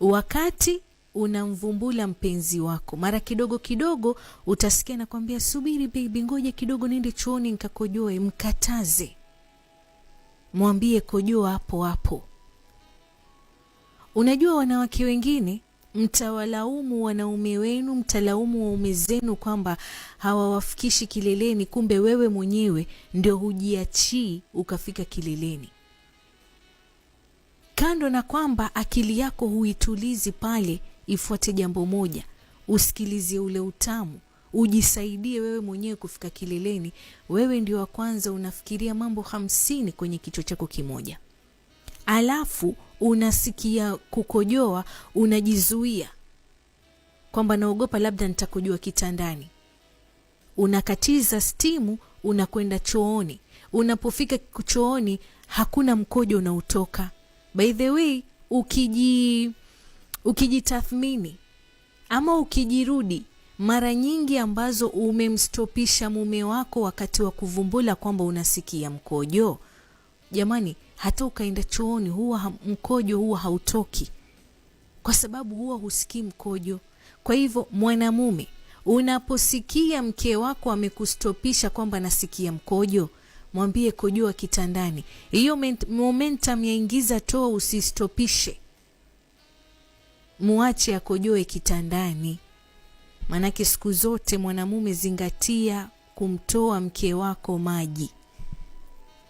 wakati unamvumbula mpenzi wako, mara kidogo kidogo utasikia nakwambia, subiri bebi ngoja kidogo niende chuoni nkakojoe Mkataze, mwambie kojoa hapo hapo. Unajua wanawake wengine mtawalaumu wanaume wenu, mtalaumu waume zenu kwamba hawawafikishi kileleni, kumbe wewe mwenyewe ndio hujiachii ukafika kileleni. Kando na kwamba akili yako huitulizi pale, ifuate jambo moja, usikilizie ule utamu, ujisaidie wewe mwenyewe kufika kileleni. Wewe ndio wa kwanza unafikiria mambo hamsini kwenye kichwa chako kimoja, alafu unasikia kukojoa, unajizuia kwamba naogopa labda nitakojoa kitandani. Unakatiza stimu, unakwenda chooni. Unapofika chooni, hakuna mkojo unaotoka by the way ukiji ukijitathmini ama ukijirudi mara nyingi ambazo umemstopisha mume wako wakati wa kuvumbula kwamba unasikia mkojo jamani hata ukaenda chooni huwa mkojo huwa hautoki kwa sababu huwa husikii mkojo kwa hivyo mwanamume unaposikia mke wako amekustopisha kwamba nasikia mkojo mwambie kujua kitandani, hiyo momentum yaingiza toa, usistopishe, muache akojoe kitandani. Maanake siku zote mwanamume, zingatia kumtoa mke wako maji.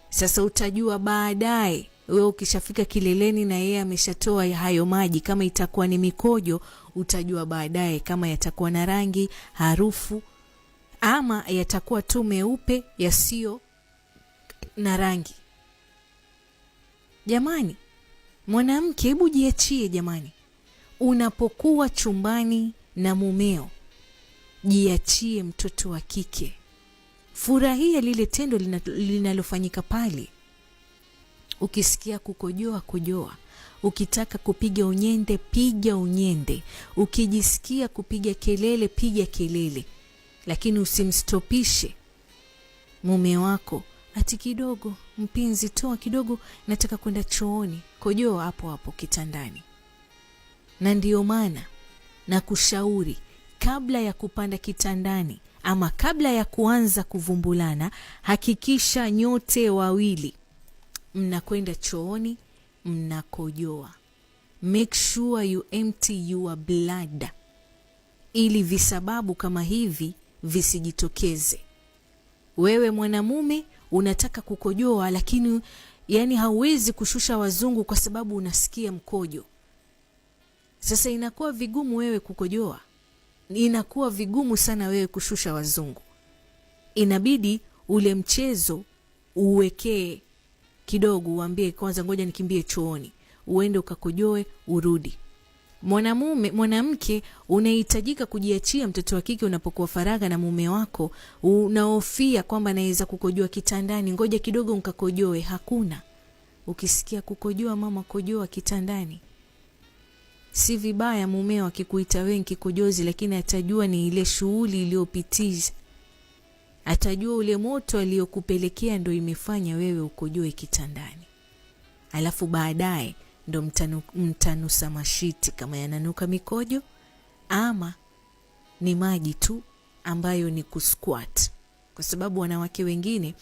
Sasa utajua baadaye we ukishafika kileleni na yeye ameshatoa hayo maji, kama itakuwa ni mikojo, utajua baadaye kama yatakuwa na rangi, harufu ama yatakuwa tu meupe yasiyo na rangi. Jamani, mwanamke, hebu jiachie jamani. Unapokuwa chumbani na mumeo, jiachie mtoto wa kike, furahia lile tendo linalofanyika pale. Ukisikia kukojoa kojoa, ukitaka kupiga unyende piga unyende, ukijisikia kupiga kelele piga kelele, lakini usimstopishe mume wako ati kidogo mpinzi toa kidogo, nataka kwenda chooni, kojoa hapo hapo kitandani. Na ndiyo maana nakushauri kabla ya kupanda kitandani ama kabla ya kuanza kuvumbulana, hakikisha nyote wawili mnakwenda chooni, mnakojoa. Make sure you empty your blood ili visababu kama hivi visijitokeze. Wewe mwanamume unataka kukojoa, lakini yani hauwezi kushusha wazungu kwa sababu unasikia mkojo. Sasa inakuwa vigumu wewe kukojoa, inakuwa vigumu sana wewe kushusha wazungu. Inabidi ule mchezo uwekee kidogo, uambie kwanza, ngoja nikimbie chooni, uende ukakojoe urudi. Mwanamume, mwanamke unahitajika kujiachia mtoto wa kike unapokuwa faragha na mume wako. Unaofia kwamba naweza kukojoa kitandani, ngoja kidogo nkakojoe, hakuna. Ukisikia kukojoa, mama, kojoa kitandani. Si vibaya mumeo akikuita wewe nkikojozi lakini atajua ni ile shughuli iliyopitiza, atajua ule moto aliyokupelekea ndo imefanya wewe ukojoe kitandani, alafu baadaye ndo mtanu, mtanusa mashiti kama yananuka mikojo ama ni maji tu ambayo ni kusquat, kwa sababu wanawake wengine